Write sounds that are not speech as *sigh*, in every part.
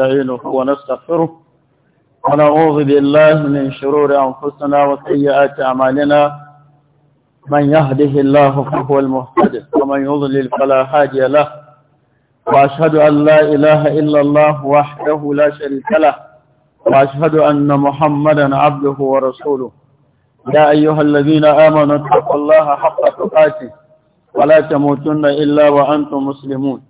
ونستعينه ونستغفره ونعوذ بالله من شرور أنفسنا وسيئات أعمالنا من يهده الله فهو المهتد ومن يضلل فلا هادي له وأشهد أن لا إله إلا الله وحده لا شريك له وأشهد أن محمدا عبده ورسوله يا أيها الذين آمنوا اتقوا الله حق تقاته ولا تموتن إلا وأنتم مسلمون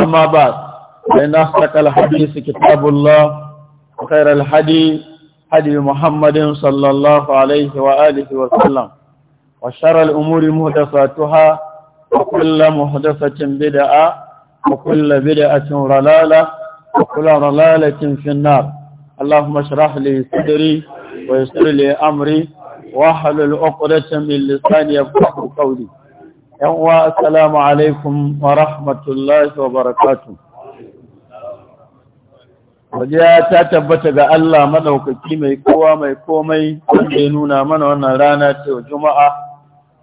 أما بعد فإن أصدق الحديث كتاب الله وخير الحدي حدي محمد صلى الله عليه وآله وسلم وشر الأمور مهدفاتها وكل مهدفة بدعة وكل بدعة رلالة وكل رلالة في النار اللهم اشرح لي صدري ويسر لي أمري واحلل عقدة من لساني يفقه قولي yan uwa assalamu alaikum wa rahmatullahi wa barakatuh wajiya ta tabbata ga Allah madaukaki mai kowa mai komai wanda ya nuna mana wannan rana ta juma'a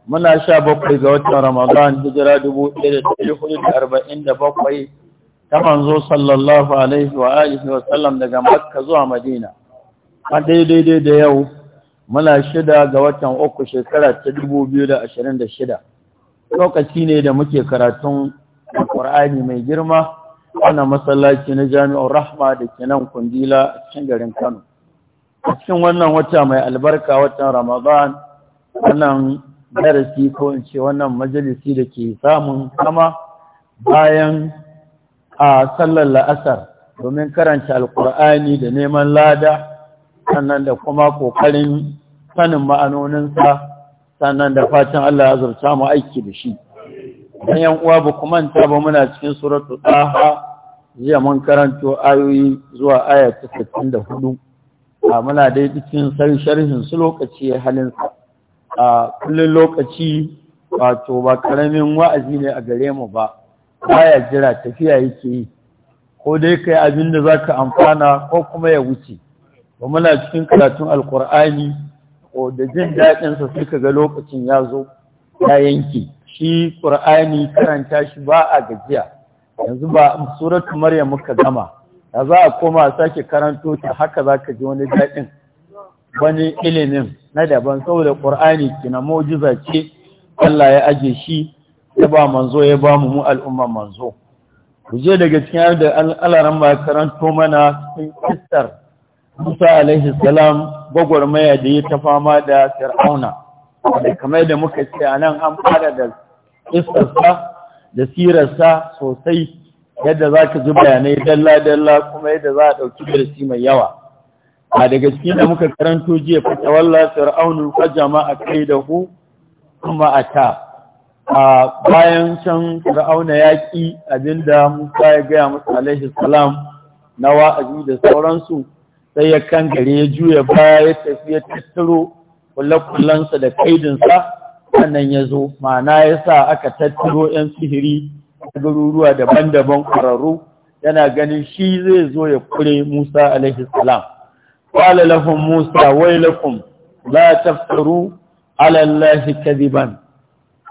muna sha bakwai ga watan ramadan hijira dubu ɗaya da ɗari hudu da arba'in da bakwai ta manzo sallallahu alaihi wa alihi wa sallam daga makka zuwa madina a daidai da yau muna shida ga watan uku shekara ta dubu biyu da ashirin da shida lokaci ne da muke karatun Alƙur'ani mai girma ana masallaci na Jami'ar Rahma da ke nan Kundila a cikin garin Kano. A cikin wannan wata mai albarka watan Ramadan wannan darasi ko in ce wannan majalisi da ke samun kama bayan a sallar la'asar domin karanta alkur'ani da neman lada sannan da kuma kokarin sanin ma'anoninsa sannan da fatan Allah ya zarta mu aiki da shi dan yan uwa ba ku manta ba muna cikin suratul taha jiya mun karanto ayoyi zuwa aya ta 64 a muna dai cikin sharhin su lokaci halin sa a kullun lokaci wato ba karamin wa'azi ne a gare mu ba baya jira tafiya yake yi ko dai kai abin da zaka amfana ko kuma ya wuce ba muna cikin karatun alkur'ani ko da jin daɗinsa sai ga lokacin ya zo ya yanki. shi ƙur'ani karanta shi ba a gajiya yanzu ba suratu maryam muka gama da za a koma a sake karanto ta haka za ka ji wani daɗin wani ilimin na daban saboda ƙur'ani kina mu'jiza ce Allah ya aje shi ya ba manzo ya ba mu al'umma manzo ku je daga cikin da alaran ba karanto mana cikin kistar Musa alaihi salam gwagwarmaya da ya ta fama da Fir'auna da kamar da muka ce anan an fara da iskarsa da sirarsa sosai yadda za ka ji bayanai dalla-dalla kuma yadda za a ɗauki darasi mai yawa a daga cikin da muka karanto jiya fata walla fir'aunu ka jama'a kai da ku kuma a ta a bayan can fir'auna ya ki abinda musa ya gaya musu alaihi salam na wa'azi da sauransu sai ya gare ya juya baya ya tafi ya tattaro kullakullansa da kaidinsa sannan ya zo ma'ana ya sa aka tattaro 'yan sihiri a garuruwa daban-daban ƙwararru yana ganin shi zai zo ya kure Musa alaihi salam qala Musa, Musa Za a taftaru ala allahi kadiban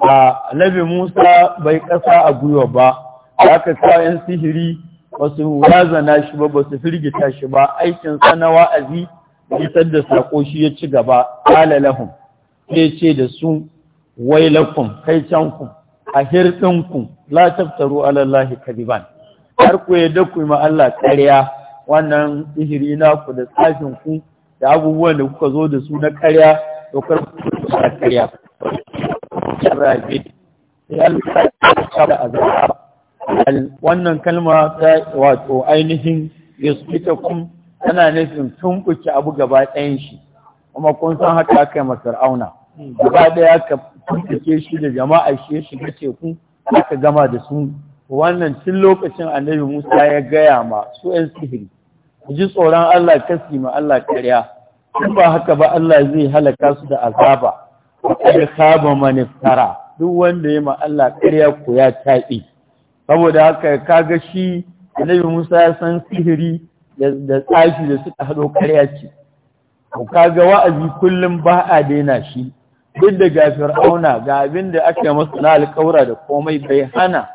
a nabi Musa bai kasa a gwiwa ba aka kawo 'yan sihiri ba su razana shi ba ba su firgita shi ba aikin sana wa'azi isar da sako shi ya ci gaba ala lahum sai ce da su wailakum kai canku a hirɗinku la taftaru ala allahi kadiban har ku yadda ku ma Allah karya! wannan ihiri ku da tsafin ku da abubuwan da kuka zo da su na karya. to kar ku ƙarya Ya Allah ya da azaba wannan kalma ta wato ainihin yasbitakum tana nufin tumbuke abu gaba ɗayan shi kuma kun san haka aka yi masar'auna gaba ɗaya ka tumbuke shi da jama'a shi ya shiga teku aka gama da su wannan tun lokacin annabi musa ya gaya ma su yan sihiri ji tsoron allah kasi ma allah karya in ba haka ba allah zai halaka su da azaba ya saba maniftara duk wanda ya ma allah karya ku ya taɓi saboda haka kaga shi annabi Musa ya san sihiri da tsafi da suka hado karya ce to kaga wa'azi kullum ba a daina shi duk da ga auna ga abin da ake masa na alƙawura da komai bai hana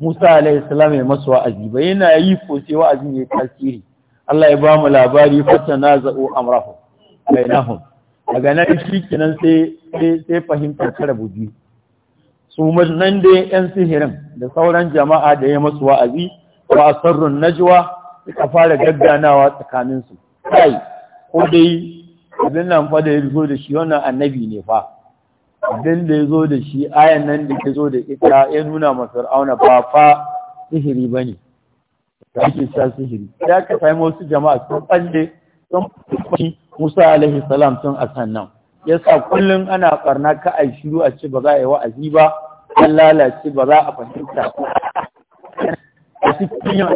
Musa alaihi salam ya masa wa'azi Bai yana yi ko sai wa'azin ya tasiri Allah ya ba mu labari na za'u amrahum bainahum daga nan shi kenan sai sai fahimtar karabu biyu su nan da yan sihirin da sauran jama'a da ya masu wa'azi a sarrun najuwa suka fara gagganawa tsakaninsu. kai ko dai abin nan fa ya zo da shi wannan annabi ne fa abin da ya zo da shi ayan nan da ya zo da ita ya nuna ma fir'auna ba fa sihiri ne. da ake sa sihiri ya ka sami wasu jama'a sun ɓalle sun Musa alaihi salam sun asan nan yasa kullum ana ɓarna ka a shiru a ce ba za a yi wa'azi ba an lalace ba za a fahimta a cikin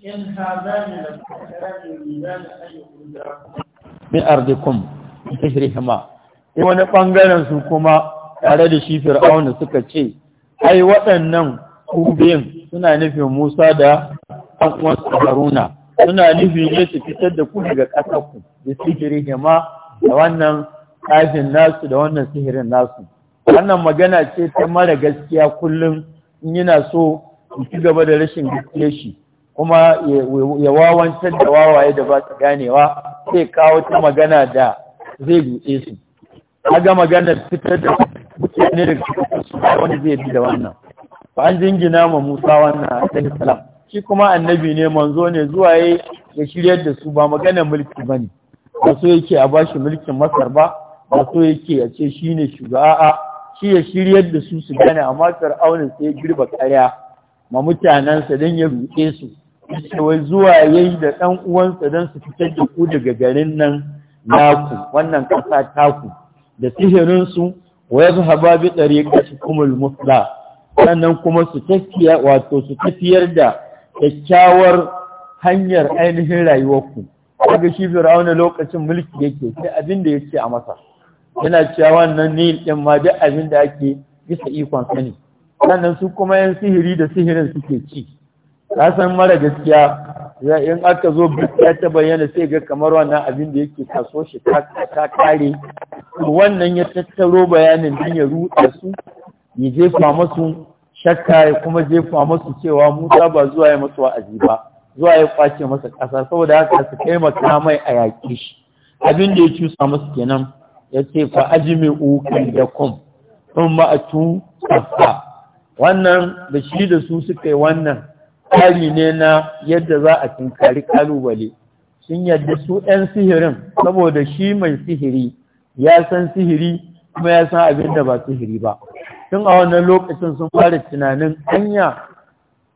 yin min ardikum ihrihima in wani bangaren su kuma tare da shi fir'auna suka ce ai waɗannan kubiyin suna nufin Musa da ɗan Haruna suna nufin ne fitar da ku daga ƙasar ku da sihirihima da wannan kafin nasu da wannan sihirin nasu wannan magana ce ta mara gaskiya kullum in yana so ci gaba da rashin gaskiya shi kuma ya wawancar da wawaye da ba su ganewa sai kawo ta magana da zai dutse su haga magana fitar da mutane da su wani zai bi da wannan ba an jingina ma musa wannan ɗan salam shi kuma annabi ne manzo ne zuwa ya shiryar da su ba magana mulki ba ne ba so yake a bashi mulkin masar ba wato yake a ce shi ne shugaba a shi ya shiryar da su su gane amma fir'aunin sai girba karya ma mutanensa don ya ruɗe su ce wai zuwa yayi da ɗan uwansa don su fitar da ku daga garin nan naku wannan ƙasa taku da sihirinsu wa ya zuhaba bi ɗariƙa kumul musla sannan kuma su tafiya wato su tafiyar da kyakkyawar hanyar ainihin rayuwarku kaga shi fir'auna lokacin mulki yake sai abin da yake a masa yana cewa wannan nil ɗin ma duk abin da ake bisa ikon sani sannan su kuma yan sihiri da sihirin suke ci ka san mara gaskiya in aka zo gaskiya ta bayyana sai ga kamar wannan abin da yake kaso shi ta kare wannan ya tattaro bayanin din ya rutsa su ya jefa masu shakka ya kuma jefa masu cewa musa ba zuwa ya masu wa'azi ba zuwa ya kwace masa ƙasa saboda haka su taimaka mai a yaƙi shi abin da ya cusa masu kenan ya ce fa ajimi ukan da kum sun ma'atu kafa wannan da shi da su suka yi wannan tsari ne na yadda za a tunkari kalubale sun yadda su ɗan sihirin saboda shi mai sihiri ya san sihiri kuma ya san abin da ba sihiri ba tun a wannan lokacin sun fara tunanin hanya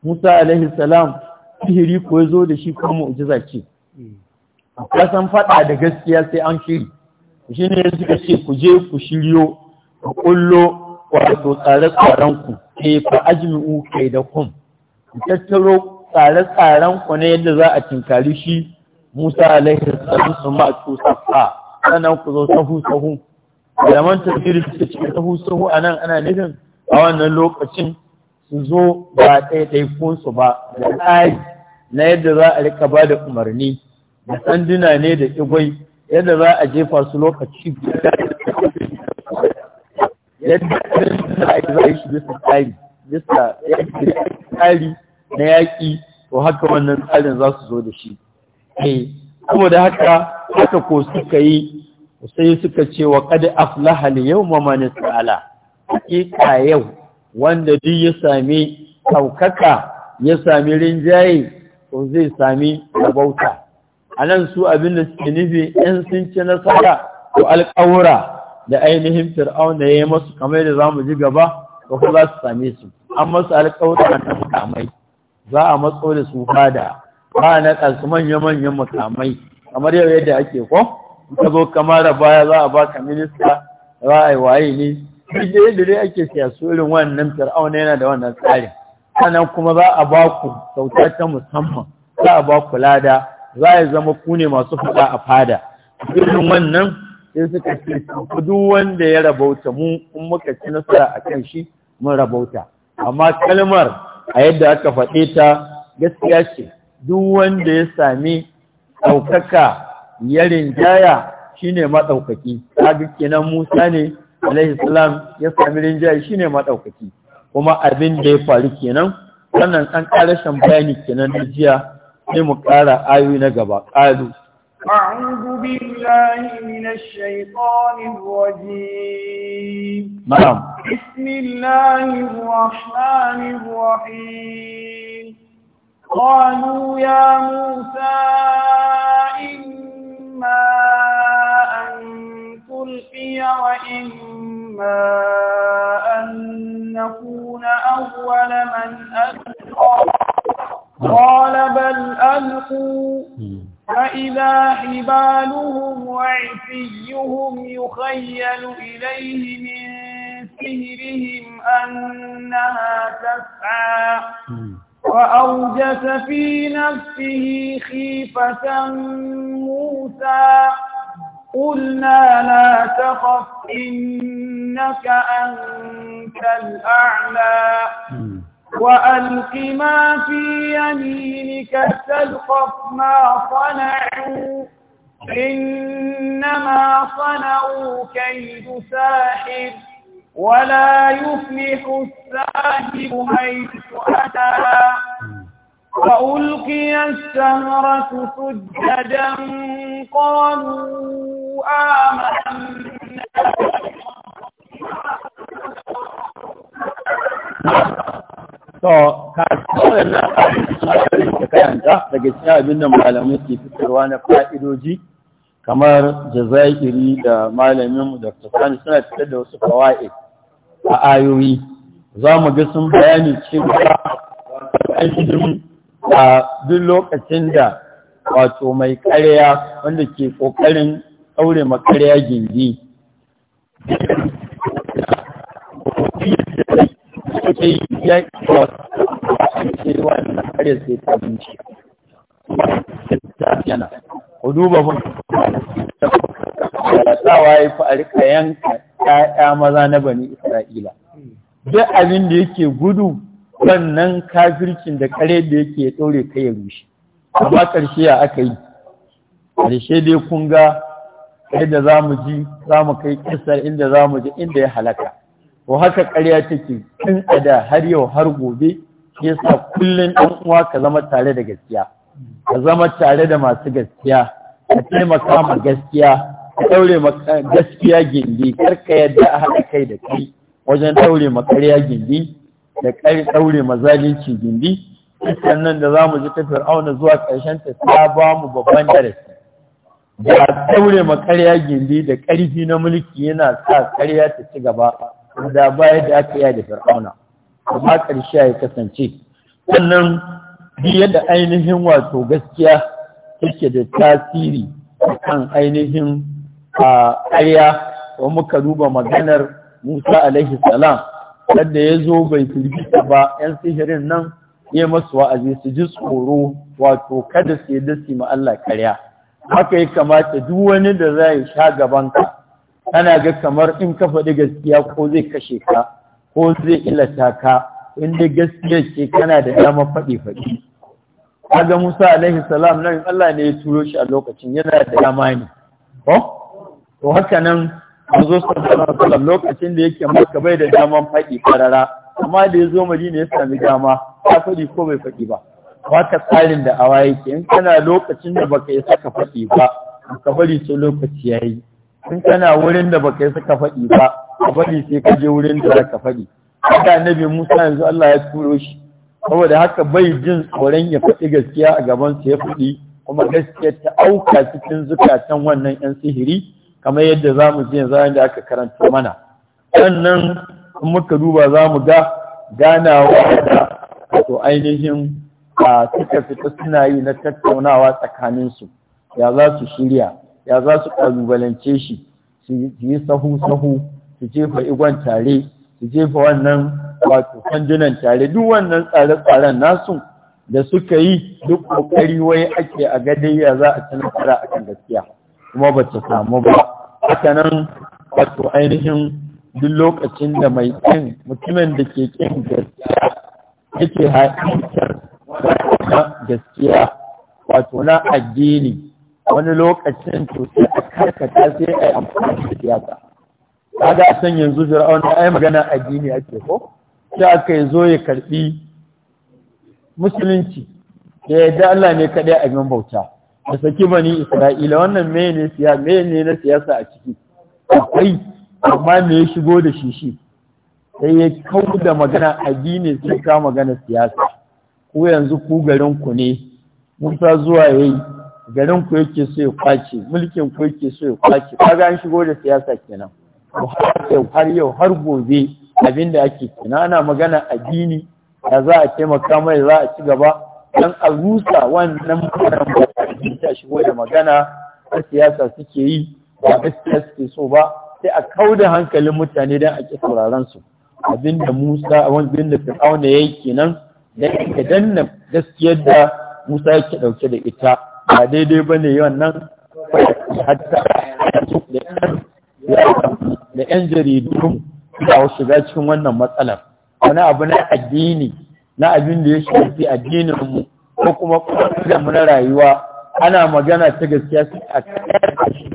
musa alaihi salam sihiri ko zo da shi kuma mu'jiza ce a hmm. kasan faɗa da gaskiya sai an shiri shi ne suka ce ku je ku shiryo ku kullo wato tsare-tsaren eh, ku ke fa kai da kum. tattaro tsare-tsaren ku ne yadda za a tinkari shi Musa alaihi salatu su ma ku safa sannan ku zo sahu sahu malaman tafsiri suka ce sahu sahu anan ana nufin a wannan lokacin su zo ba ɗaiɗaikun su ba da tsari na yadda za a rika ba da umarni da sanduna ne da igwai yadda za a jefa su lokaci yadda a yi na yaƙi to haka wannan tsarin za su zo da shi eh, saboda haka haka ko suka yi sai suka ce wa kada aflaha yau ma man sa'ala yau wanda duk ya sami saukaka ya sami rinjaye ko zai sami rabauta a nan su abin da suke nufi in sun ci nasara ko alƙawura da ainihin fir'auna ya yi masu kamar da za mu ji gaba ko ku za su same su an masu alƙawura a na makamai za a matso da su fada ba na ƙasu manya-manyan makamai kamar yau yadda ake ko ka zo kamar baya za a ba ka minista za a yi waye ne duk da yadda dai ake siya su irin wannan fir'auna yana da wannan tsarin sannan kuma za a ba ku kyauta ta musamman za a ba ku lada za a zama ku ne masu faɗa a fada irin wannan sai suka ce duk wanda ya rabauta mu in muka ci nasara a kan shi mun rabauta amma kalmar a yadda aka faɗe ta gaskiya ce duk wanda ya sami ɗaukaka ya rinjaya shine maɗaukaki kaga kenan Musa ne alaihi salam ya sami rinjaya shi ne maɗaukaki kuma abin da ya faru kenan wannan an ƙarashin bayani kenan na jiya mu ayoyi na gaba أعوذ بالله من الشيطان الرجيم نعم بسم الله الرحمن الرحيم قالوا يا موسى إما أن تلقي وإما أن نكون أول من ألقى نعم. قال بل ألقوا فإذا حبالهم وعصيهم يخيل إليه من سهرهم أنها تسعى وأوجس في نفسه خيفة موسى قلنا لا تخف إنك أنت الأعلى وألق ما في يمينك تلقف ما صنعوا إنما صنعوا كيد ساحر ولا يفلح الساحر حيث أتى وألقي السهرة سجدا قالوا آمنا to kasuwar na ƙarfi da kayanta daga cikin abin da malamai ke fitarwa na fa'idoji kamar jazairi da malaminmu da tafani suna fitar da wasu kawai a ayoyi za mu ga sun bayani cewa ƙarfin a duk lokacin da wato mai ƙarya wanda ke ƙoƙarin ɗaure makarya gindi ya ce wannan kare sai ta binci yana ku duba mun ya fi a rika yanka ƴaƴa maza na bani isra'ila duk abin da yake gudu wannan kafircin da kare da yake ya ɗaure kai ya rushe amma ƙarshe ya aka yi ƙarshe dai kun ga da za mu ji za mu kai ƙasar inda za mu ji inda ya halaka ko haka ƙarya take tun a da har yau har gobe yasa kullum ɗan uwa ka zama tare da gaskiya ka zama tare da masu gaskiya ka taimaka ma gaskiya ka ɗaure ma gaskiya gindi kar ka yadda a haɗa kai da kai wajen ɗaure ma ƙarya gindi da ɗaure ma zalunci gindi sannan da za mu ji ta fir'auna zuwa ƙarshen ta ta ba mu babban darasi da ɗaure ma ƙarya gindi da ƙarfi na mulki yana sa ƙarya ta ci gaba da ba da aka yi da fir'auna amma ƙarshe ya kasance wannan duk yadda ainihin wato gaskiya take da tasiri kan ainihin a ƙarya wa muka duba maganar Musa alaihi salam wanda ya zo bai firgita ba ‘yan sihirin nan ya masu wa'azi su ji tsoro wato kada su yi dasi ma Allah karya haka ya kamata duk wani da za ya sha gabanka Kana ga kamar in ka faɗi gaskiya ko zai kashe ka ko zai illata ka inda gaskiya ce kana da damar faɗi faɗi kaga Musa alaihi salam nan Allah ne ya turo shi a lokacin yana da dama ne ko to haka nan manzo sallallahu alaihi wasallam lokacin da yake maka bai da damar faɗi karara amma da ya zo Madina ya sami dama ya faɗi ko bai faɗi ba wata tsarin da awa yake in kana lokacin da baka isa ka faɗi ba ka bari sai lokaci yayi in kana wurin da baka yi suka faɗi ba a faɗi sai ka je wurin da za ka faɗi haka annabi Musa yanzu Allah ya turo shi saboda haka bai jin tsoron ya faɗi gaskiya a gaban ya faɗi kuma gaskiya ta auka cikin zukatan wannan yan sihiri kamar yadda za mu ji yanzu da aka karanta mana sannan in muka duba za mu ga ganawa da wato ainihin a suka fita suna yi na tattaunawa tsakaninsu ya za su shirya ya za su ƙalubalance shi su yi sahu-sahu su jefa igon tare su jefa wannan wato kwandunan tare duk wannan tsare-tsaren nasu da suka yi duk ƙoƙari wai ake a ya za a cin fara a kan gaskiya kuma ba ta samu ba haka nan wato ainihin duk lokacin da mai ƙin mutumin da ke ƙin gaskiya yake haƙiƙar gaskiya wato na addini wani lokacin to sai a karkata sai a yi amfani da siyasa kaga a san yanzu fir'aun da ai magana addini ake ko sai aka yi zo ya karbi musulunci da yadda Allah ne kaɗai a yin bauta da saki bani Isra'ila wannan mene siya mene na siyasa a ciki akwai amma me ya shigo da shi shi sai ya kau da magana addini sai ka magana siyasa ku yanzu ku garin ku ne Musa zuwa yayi garin ku yake so ya kwace mulkin ku yake so ya kwace kaga an shigo da siyasa kenan har yau har gobe abinda ake kenan ana magana addini da za a taimaka mai za a ci gaba dan a rusa wannan mutanen ba ta shigo da magana ta siyasa suke yi ba gaskiya suke so ba sai a kau da hankalin mutane don a ƙi sauraron su abinda Musa abinda Fir'auna yayi kenan da yake danna gaskiyar da Musa yake dauke da ita ba daidai ba ne yawan nan da 'yan jaridu da shiga cikin wannan matsalar wani abu na addini na abin da ya shafi addininmu ko kuma kuma na rayuwa ana magana ta gaskiya su a da shi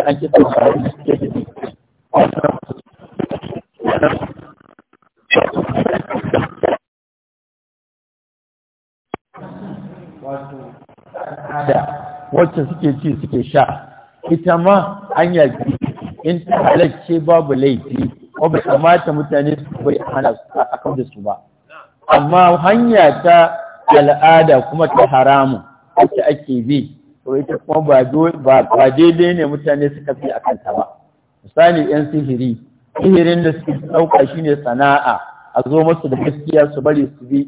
a da shi al'ada wacce suke ci suke sha ita ma an yaki in ta halacce babu laifi ko bai kamata mutane su bai hana a kan da su ba amma hanya ta al'ada kuma ta haramun wacce ake bi to ita kuma ba daidai ne mutane suka fi a kanta ba misali yan sihiri sihirin da suke ɗauka shine sana'a a zo masu da gaskiya su bari su bi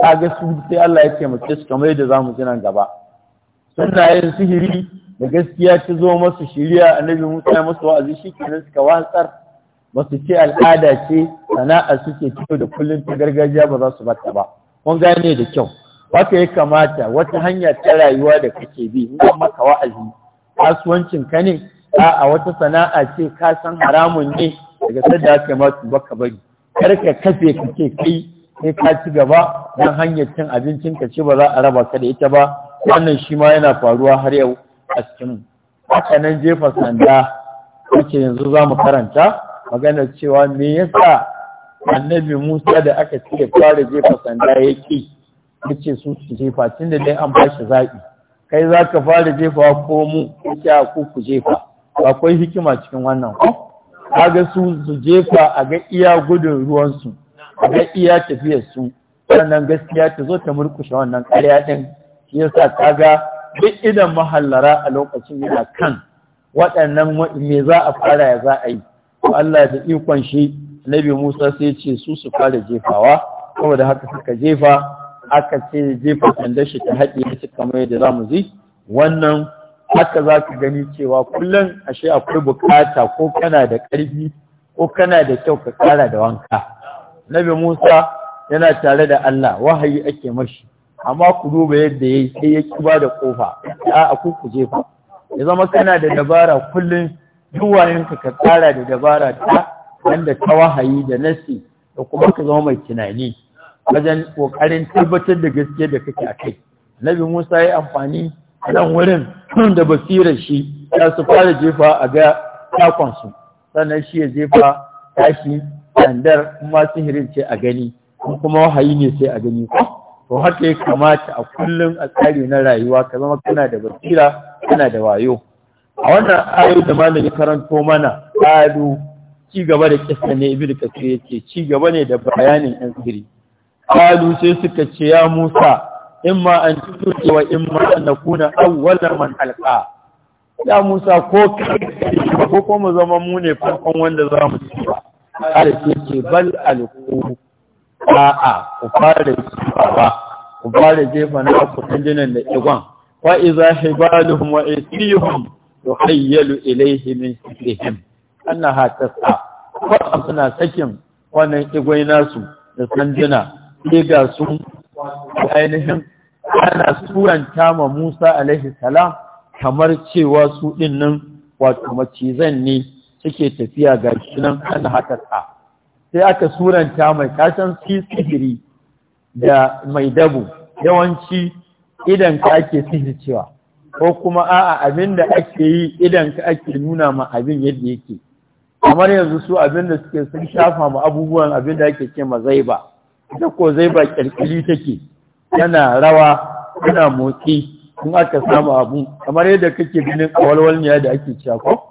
ga su sai Allah ya ce su kamar yadda mu ji nan gaba suna yin sihiri da gaskiya ta zo masu shirya annabi musa ya masu wa'azi shi ke suka watsar ba ce al'ada ce sana'a suke kyau da kullum ta gargajiya ba za su bata ba mun gane da kyau wata ya kamata wata hanya ta rayuwa da kake bi in maka wa'azi kasuwancin ka ne a wata sana'a ce ka san haramun ne daga sadda aka ma tuba ka bari kar ka kafe ka ce kai sai ka ci gaba don hanyar cin abincin ka ce ba za a raba ka da ita ba wannan shi ma yana faruwa har yau a cikin hakanan jefa sanda wacce yanzu za mu karanta maganar cewa me yasa annabi musa da aka ce fara jefa sanda ya ƙi ya ce su su jefa tun da dai an ba shi zaɓi kai za ka fara jefa ko mu ya ku ku jefa akwai hikima cikin wannan ko ga su su jefa a ga iya gudun ruwansu a ga iya tafiyarsu sannan gaskiya ta zo ta murkushe wannan ƙarya ɗin yasa kaga duk idan mahallara a lokacin yana kan waɗannan me za a fara ya za a yi Allah da ikon shi nabi Musa sai ce su su fara jefawa saboda haka suka jefa aka ce jefa sandar shi ta haɗe shi kamar yadda za mu ji wannan haka za ka gani cewa kullum ashe akwai bukata ko kana da ƙarfi ko kana da kyau ka ƙara da wanka nabi Musa yana tare da Allah wahayi ake mashi amma ku duba yadda ya yi sai ya ki ba da kofa a ku ku jefa ya zama kana da dabara kullum duwayenka ka tsara da dabara ta wanda ta wahayi da nasi da kuma ka zama mai tunani wajen kokarin tabbatar da gaskiya da kake a kai nabi musa ya yi amfani a nan wurin da basirar shi ya su fara jefa a ga takonsu sannan shi ya jefa tashi sandar kuma sihirin ce a gani kuma wahayi ne sai a gani ko to haka ya kamata a kullum a tsari na rayuwa ka zama kana da basira kana da wayo a wannan ayo da malami karanto mana kalu ci gaba da kisa ne ibnu kasir yake ci gaba ne da bayanin yan sirri kalu sai suka ce ya musa imma an tuke wa imma an nakuna awwala man halqa ya musa ko ko kuma zama mu ne farkon wanda za mu ci ba kada ce bal alqu a'a ku fara ba ku fara jefa na ku tunjinan da igon wa iza hibaluhum wa isihum yuhayyalu ilayhi min sihrihim annaha tas'a ko suna sakin wannan igwai nasu da sanjina sai ga su ainihin ana suranta ma Musa alaihi salam kamar cewa su ɗinnan nan wato macizan ne suke tafiya ga shi nan ana hatarsa sai aka suranta mai kasan sihiri da mai dabu. yawanci idan ka ake sihircewa ko kuma a'a abin da ake yi idan ka ake nuna ma abin yadda yake kamar yanzu su abin da suke sun shafa ma abubuwan abin da ake ce ma zaiba ita ko zaiba kirkiri take Yana rawa yana motsi in aka samu abu kamar yadda kake ganin ne da ake cewa ko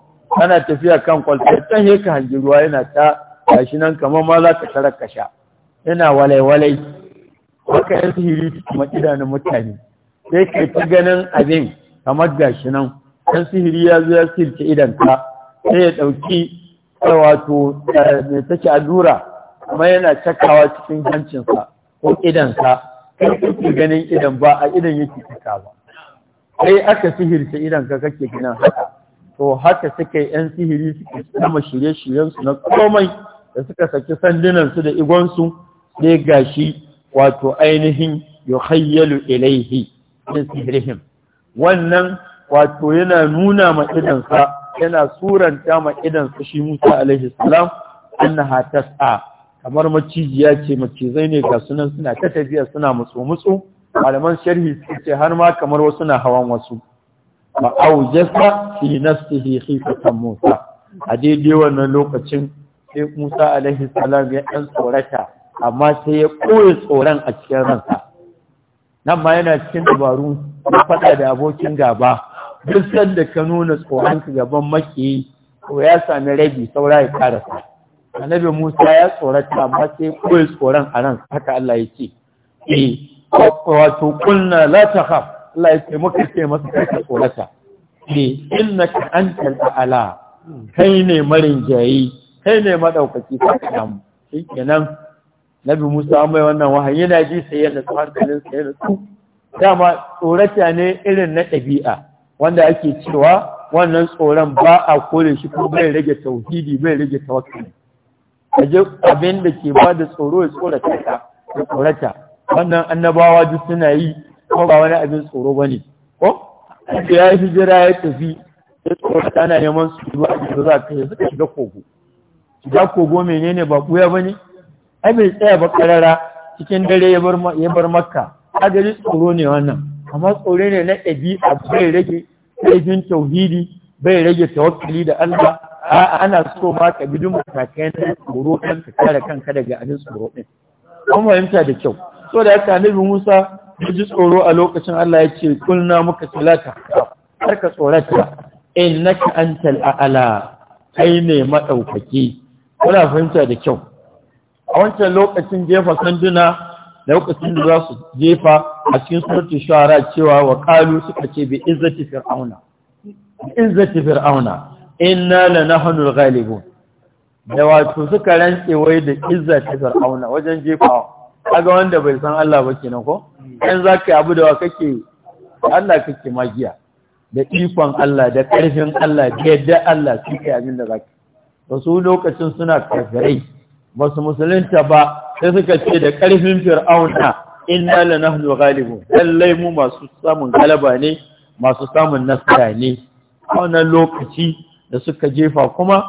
ana tafiya kan kwalta can heka hangi ruwa yana ta gashi nan kamar ma za ka tarar ka sha yana walai-walai waka yan sihiri kuma idanun mutane sai ka fi ganin abin kamar gashi nan yan sihiri ya zo ya sirce idanka sai ya ɗauki eh, wato eh, mai take allura kuma yana cakawa cikin hancinsa ko idansa ka kake ganin idan ba a idan yake cika ba sai aka sihirce idanka kake ganin haka to haka suka yan sihiri suke kama shirye-shiryensu na komai da suka saki sandunansu da igonsu sai gashi wato ainihin yukhayyalu ilaihi min sihrihim wannan wato yana nuna ma sa, yana suranta ma su shi Musa alaihi salam annaha tas'a kamar macijiya ce macizai ne ga sunan suna ta tafiya suna mutsu mutsu malaman sharhi suka ce har ma kamar wasu na hawan wasu fa aujasa fi nafsihi khifatan Musa a daidai wannan lokacin sai Musa alaihi salam ya ɗan tsorata amma sai ya koyi tsoron a cikin ransa nan ma yana cikin dabaru ya faɗa da abokin gaba duk sanda ka nuna tsoron ka gaban maki ko ya sami rabi saura ya karasa annabi Musa ya tsorata amma sai ya koyi tsoron a ran haka Allah ya ce eh wato kulna la takhaf Allah ya ce muka ce masa kai ka tsorata eh innaka antal a'la kai ne marin jayi kai ne maɗaukaki ta kada mu shi kenan nabi musa mai wannan wahayi yana ji sai ya su hankalin sai da su dama tsorata ne irin na ɗabi'a wanda ake cewa wannan tsoron ba a kore shi ko bai rage tauhidi bai rage tawakkali aje abin da ke ba da tsoro ya tsorata ta ya tsorata wannan annabawa duk suna yi Ko ba wani abin tsoro bane ko ya yi hijira ya tafi ya tsorata ana neman su zuwa da za ka yi suka shiga kogo ja kogo menene ba buya ba ne ai bai tsaya ba karara cikin dare ya bar makka adali tsoro ne wannan amma tsoro ne na ɗabi'a bai rage laifin tauhidi bai rage tawakkali da Allah a ana so ma ka bi duk matakai na tsoro kan ka kare kanka daga abin tsoro din an fahimta da kyau so da haka nufin Musa ya ji tsoro a lokacin Allah ya ce kulna muka salata har ka tsorata innaka antal a'ala kai ne madaukaki kuna fahimta da kyau a wancan lokacin jefa sanduna lokacin da za su jefa a cikin suratul shara cewa wa ƙalu suka ce bi izzati fir'auna izzati fir'auna inna lanahnu al-ghalibun da wato suka rantse wai da izzati fir'auna wajen jefawa kaga wanda bai san Allah ba kenan ko dan zaka abu da wa kake Allah kake magiya da ikon Allah da ƙarfin Allah da yadda Allah shi kai abin da zaka wasu lokacin suna kafirai ba su musulunta ba sai suka ce da ƙarfin fir'auna inna la nahnu ghalibun lallai mu masu samun galaba ne masu samun nasara ne kana lokaci da suka jefa kuma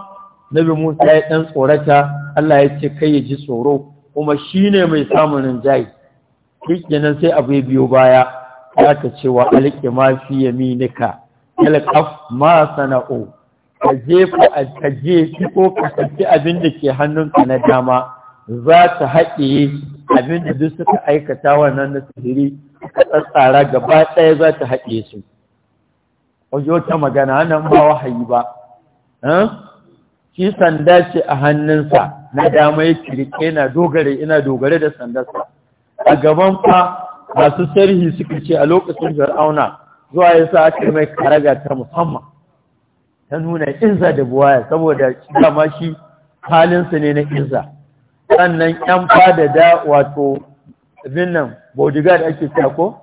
nabi Musa ya dan tsorata Allah ya ce kai ya ji tsoro kuma shine mai samun rinjayi kenan sai abu biyo baya ya ta cewa alqi fi yaminika alqaf ma sana'u ka jefa ko ka abin da ke hannunka na dama za ta haɗe abin da duk suka aikata wannan na sihiri ka tsatsara gaba ɗaya za ta haɗe su wajen wata magana nan ba wahayi ba shi sanda ce a hannunsa na dama ya kirke na dogare ina dogare da sandarsa a gaban fa masu sarhi suka ce a lokacin zar'auna zuwa yasa aka mai karaga ta musamman ta nuna izza da buwaya saboda dama shi halinsa ne na inza sannan yan fada da wato abin nan da ake tako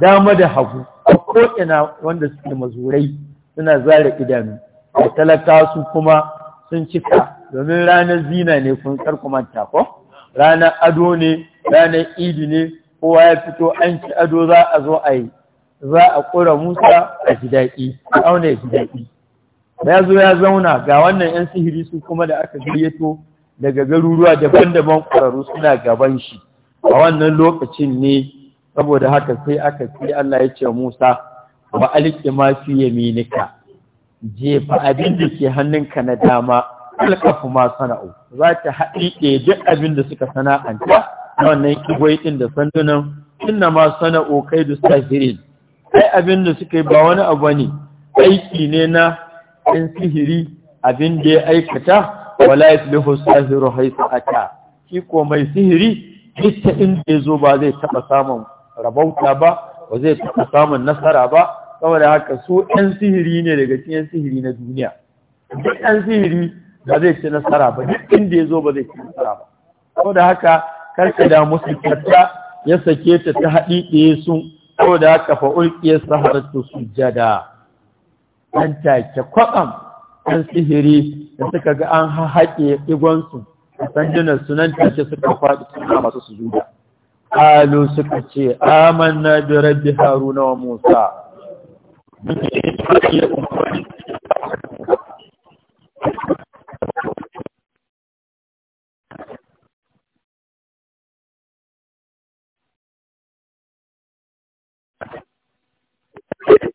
dama da hagu a ko'ina wanda suke mazurai suna zara idanu da talaka su kuma sun cika domin ranar zina ne kun karkumanta ko ranar ado ne ranar idi ne kowa ya fito an ci ado za a zo a yi za a ƙura musa a ji a auna ya ya zo ya zauna ga wannan yan sihiri su kuma da aka gayyato daga garuruwa daban-daban ƙwararru suna gaban shi a wannan lokacin ne saboda haka sai aka sai Allah ya ce Musa wa alqi ma fi yaminika jefa abin da ke hannunka na dama alƙafu ma sana'u za ta ke duk abin da suka sana'anta wannan kigwai ɗin da sandunan inna ma sana'u da sahirin kai abin da suka yi ba wani abu ne aiki ne na in sihiri abin da ya aikata wala yaslihu sahiru haythu ata shi ko mai sihiri duk inda ya zo ba zai taɓa samun rabauta ba ba zai taɓa samun nasara ba saboda haka su ɗan sihiri ne daga cikin sihiri na duniya duk ɗan sihiri ba zai ci nasara ba duk inda ya zo ba zai ci nasara ba saboda haka kar ka da musu kyauta ya sake ta ta haɗi ɗaya sun saboda haka fa'ulƙiyar saharatu sujada an take kwaɓam ɗan sihiri da suka ga an haƙe igonsu a sandunan sunan take suka faɗi suna masu sujuda alu suka ce na bi rabbi haruna wa musa Thank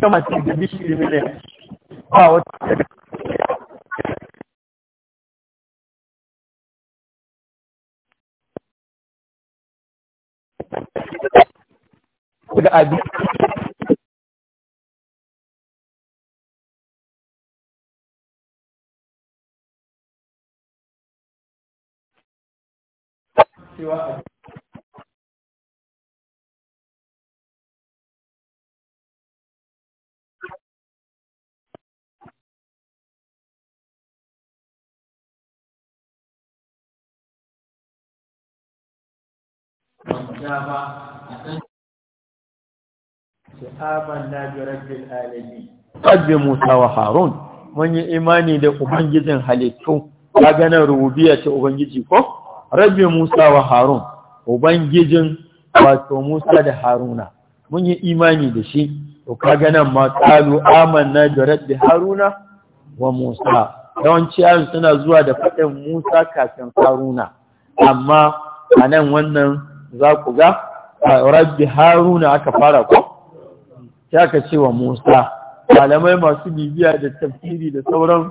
kama sijibishi limele kwa kuda abi siwa abi ba musa wa harun mun yi imani da ubangijin halittu ta ganin rububiyya ce ubangiji ko Rabbe musa wa harun ubangijin wato musa da haruna mun yi imani da shi to ka ganin ma aman na bi rabbi haruna wa musa yawanci yaron suna zuwa da faɗin musa kafin haruna amma a nan wannan za ku ga rabbi haruna aka fara ko ya aka ce wa musa malamai masu bibiya da tafsiri da sauran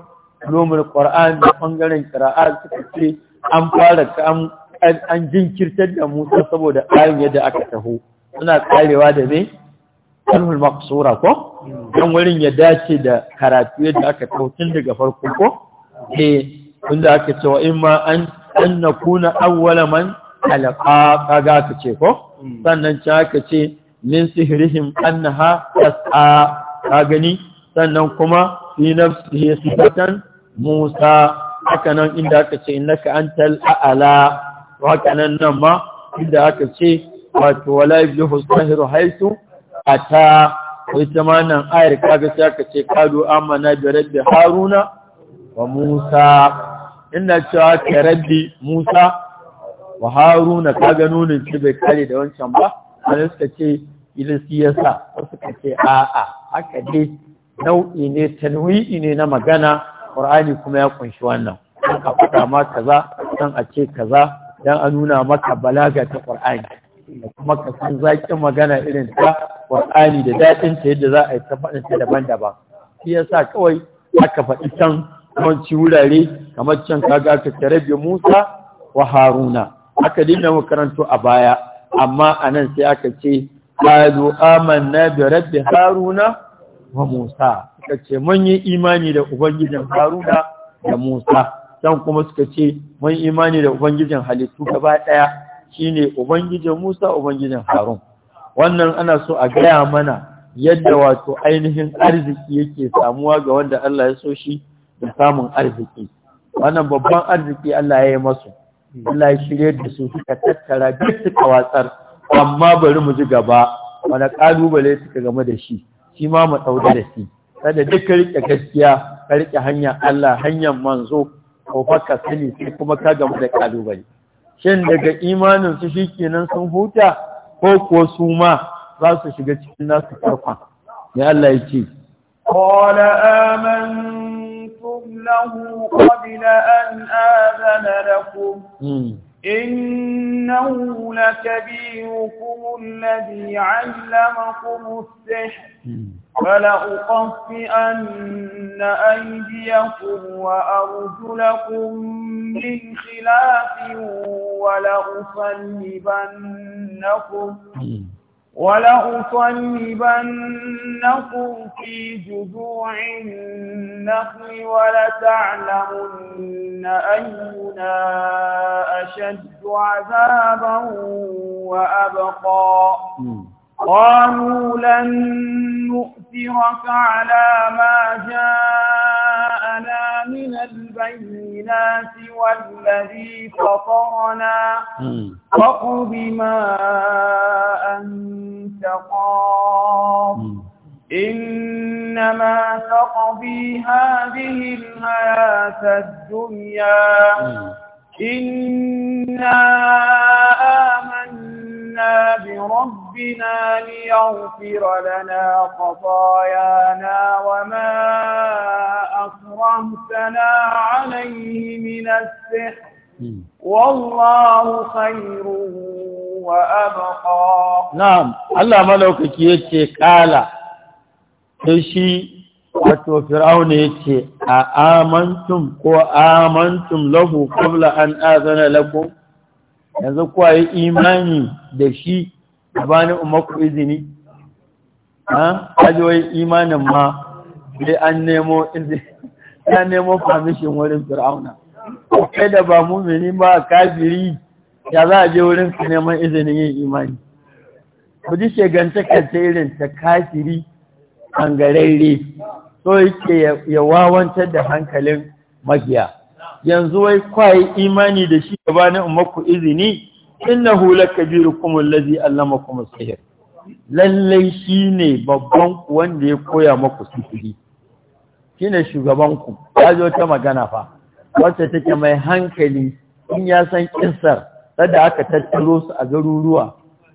lomar ƙwar'an da ɓangaren ƙara'a suka ce an fara an jinkirtar da musa saboda ayin yadda aka taho suna karewa da mai kalmul maksura ko don wurin ya dace da karatu yadda aka taho tun daga farko ko eh inda aka cewa in ma an an nakuna awwala man ka ga ka ce ko hmm. sannan can aka ce min sihirihim annaha tas'a ka gani sannan kuma fi nafsihi sifatan Musa haka nan inda aka ce innaka antal a'ala haka nan nan ma inda aka ce wato wala yuhu sahiru haitu ata ita ma nan ayar kaga sai aka ce qalu amanna bi rabbi haruna wa Musa inda cewa ka rabbi Musa wa haruna ga nunin shi bai kare da wancan ba wani suka ce ilin siyasa wasu suka ce a'a haka dai nau'i ne tanwi'i ne na magana qur'ani kuma ya kunshi wannan dan a fada ma kaza dan a ce kaza dan a nuna maka balaga ta qur'ani da kuma ka san zaƙin magana irin ta qur'ani da daɗin ta yadda za a yi ta faɗin ta daban-daban shi yasa kawai aka faɗi can kamar ci wurare kamar can kaga aka rabe Musa wa Haruna aka dina makarantu a baya amma anan sai aka ce qalu amanna bi rabbi haruna wa musa suka ce mun yi imani da ubangijin haruna da musa dan kuma suka ce mun imani da ubangijin halittu gaba daya shine ubangijin musa ubangijin harun wannan ana so a gaya mana yadda wato ainihin arziki yake samuwa ga wanda Allah ya so shi da samun arziki wannan babban arziki Allah ya yi masu Allah ya shirye da su suka tattara duk suka watsar amma bari mu ji gaba wani kalubale suka game da shi shi ma mu da shi kada duk ka riƙe gaskiya ka rike hanyar Allah hanyar manzo ko ka sani sai kuma ka gamu da kalubale shin daga imanin su shikenan sun huta ko kuwa su ma za su shiga cikin nasu farkon ya Allah ya ce qala amanna لكم له قبل أن آذن لكم إنه لكبيركم الذي علمكم السحر فلأقفئن أيديكم وأرجلكم من خلاف ولأصلبنكم ولأصلبنكم في جذوع النخل ولتعلمن أينا أشد عذابا وأبقى قالوا لن نؤثرك على ما جاء من البينات والذي فطرنا فاقض ما أنت قاض إنما تقضي هذه الحياة الدنيا إنا آمنا آمنا بربنا ليغفر لنا خطايانا وما أكرمتنا عليه من السحر والله خير وأبقى نعم الله ملوك يتي قال كيشي wato fir'auna yace a amantum ko amantum lahu qabla an azana lakum yanzu kuwa yi imani da shi a bani umaku izini ha ajiyoyi imanin ma sai an nemo izini an nemo famishin wurin fir'auna kai da ba mumini ba kafiri ya za a je wurin su neman izinin yin imani ku ji shegance-kance irin ta kafiri angararre so yake ya da hankalin magiya yanzu wai kwaye imani da shi na umarku izini innahu lakabirukum allazi allamakum kuma sahir lallai ne babban wanda ya koya maku sihiri shine shugaban ku zo ta magana fa wacce take mai hankali in ya san kissar tada aka tattaro su a garuruwa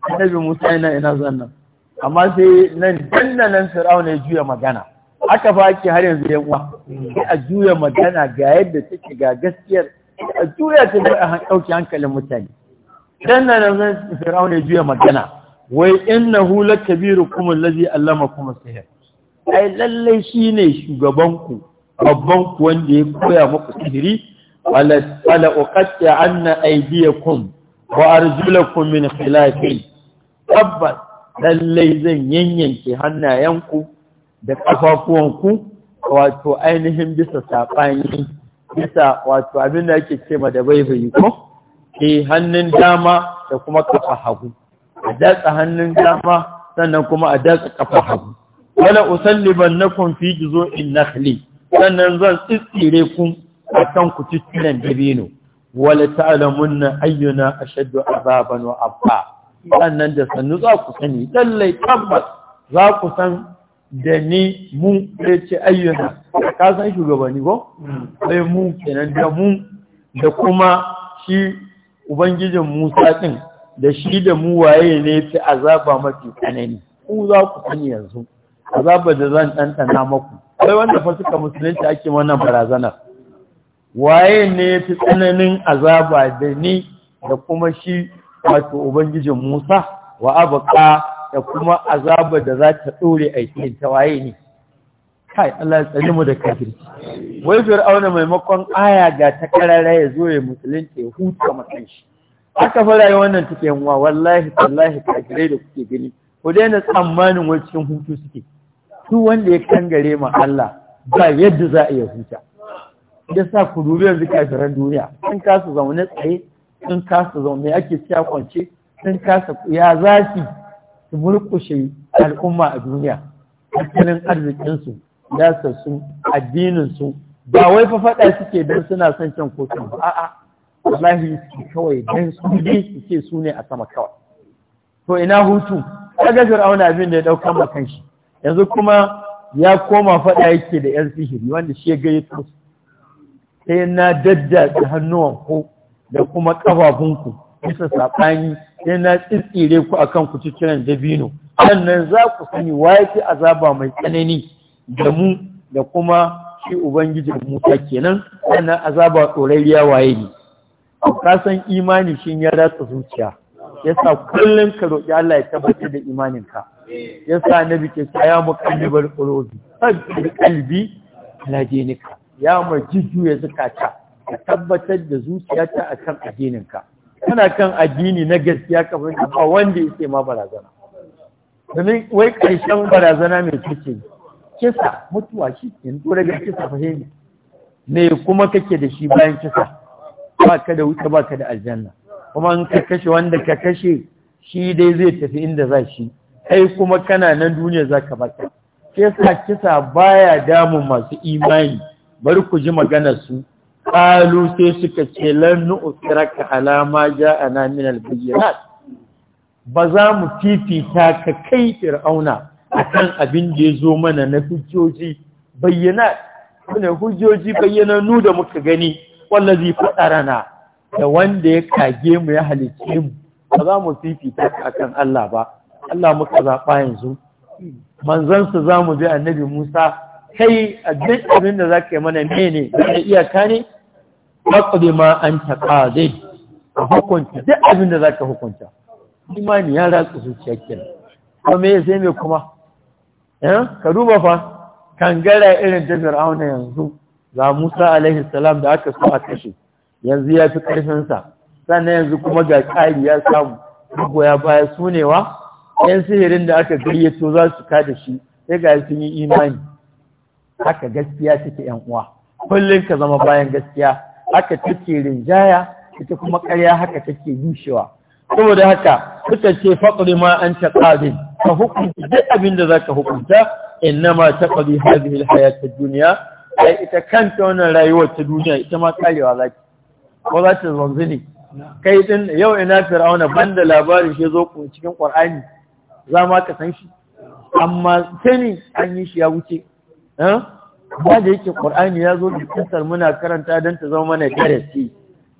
annabi Musa yana ina zannan amma sai nan dannan sarau ya juya magana Aka faki har yanzu yan uwa sai a juya magana ga yadda take ga gaskiyar a juya ta da ɗauki hankalin mutane dan nan nan fir'aun ya juya magana wai innahu na allazi allama kuma sihr ai lalle shine shugaban ku babban ku wanda ya koya maku sihiri wala wala uqatta anna aydiyakum wa arjulakum min khilaf tabbas lalle zan yanyanke hannayen ku. da ƙafafuwanku wato ainihin bisa saɓani bisa wato abin da ake ce ma da baibayi ko ke eh, hannun dama da kuma kafa hagu a datsa hannun dama sannan kuma a datsa kafa hagu wala usalliban nakum fi juzu'in nakhli sannan zan tsitsire ku a kan ku titinan dabino wala na ayyuna ashaddu azaban wa abba. sannan da sannu za ku sani lallai tabbas za ku san da ni mun ya ce ayyuna ka san shugabanni ko sai mun kenan da mun da kuma shi ubangijin musa ɗin da shi da mu waye ne fi azaba mafi tsanani ku za ku sani yanzu azaba da zan ɗanɗana maku sai wanda fa suka musulunci ake wannan barazanar waye ne fi tsananin azaba da ni da kuma shi wato ubangijin musa wa abaka da kuma azabar da za ta ɗore a cikin tawaye ne kai Allah ya tsani mu da kafin. wai auna maimakon aya ga ta karara ya zo ya musulunci ke huta makan shi aka fara yi wannan take wa? wallahi tallahi kafirai da kuke gani ku daina tsammanin wai cikin hutu suke su wanda ya kangare ma Allah ba yadda za a iya huta da sa ku dubi yanzu kafiran duniya sun kasa zaune tsaye sun kasa zaune ake siya kwance sun kasa ya zafi. su al'umma a duniya tattalin arzikinsu yasarsu addininsu ba wai fa faɗa suke don suna son can kotun ba a'a wallahi su kawai don su ne su ce su ne a sama kawai to ina hutu kaga fir'auna abin da ya ɗauka ma kanshi yanzu kuma ya koma faɗa yake da yan sihiri wanda shi ya ta sai na daddatsa hannuwanku da kuma ƙafafunku bisa saɓani yana tsitsire ku akan ku cikin dabino sannan za ku sani waye azaba mai tsanani da mu da kuma shi ubangiji Musa kenan sannan azaba tsorariya waye ne ka san imani shi ya ratsa zuciya yasa kullum ka roƙi Allah ya tabbatar da imaninka yasa nabi ke cewa ya muqallibal qulubi sabbi qalbi ala dinika ya majijuya zakata ka tabbatar da zuciyata akan ka kana kan addini na gaskiya ka fahimta ba wanda yake ma barazana domin wai ƙarshen barazana mai kake kisa mutuwa shi ke tura ga kisa fahimi me kuma kake da shi bayan kisa ba ka da wuta ba ka da aljanna kuma in ka kashe wanda ka kashe shi dai zai tafi inda za shi kai kuma kana nan duniya za ka baka kisa kisa baya damun masu imani bari ku ji maganar su qalu sai suka ce lan nu'tiraka ala ma ja'ana min al-bayyinat ba za mu fifita ka kai fir'auna akan abin da ya mana na hujjoji bayyana ne hujjoji bayyananu da muka gani wallazi fadarana da wanda ya kage mu ya halice mu ba za mu fifita akan Allah ba Allah muka zaɓa yanzu manzon za mu bi annabi Musa kai a duk abin da za ka yi mana ne ne iyaka ne faƙaɗe ma an taƙa zai hukunta duk abin da za ka hukunta imani ya ratsa zuciya kenan kuma ya sai mai kuma yan ka duba fa kangara irin da fir'auna yanzu ga musa alaihi salam da aka so a kashe yanzu ya fi ƙarfinsa sannan yanzu kuma ga ƙari ya samu goya baya sunewa yan sihirin da aka gayyato za su kada shi sai ga sun yi imani haka gaskiya take yan uwa kullum ka zama bayan gaskiya haka take rinjaya ita kuma ƙarya haka take bushewa saboda haka suka ce faɗi ma an ta ƙadin ka hukunta duk abin da za ka hukunta inna ma ta ƙabi hazihil hayatar duniya ai ita kanta wannan rayuwar ta duniya ita ma ƙarewa za ki ko za ta zanzu ne kai din yau ina fir'auna banda labarin shi zo cikin ƙwar'ani za ma ka san shi amma sani an yi shi ya wuce eh? ba da yake ƙor'ani ya zo jikinsar muna karanta don ta zama mana darasi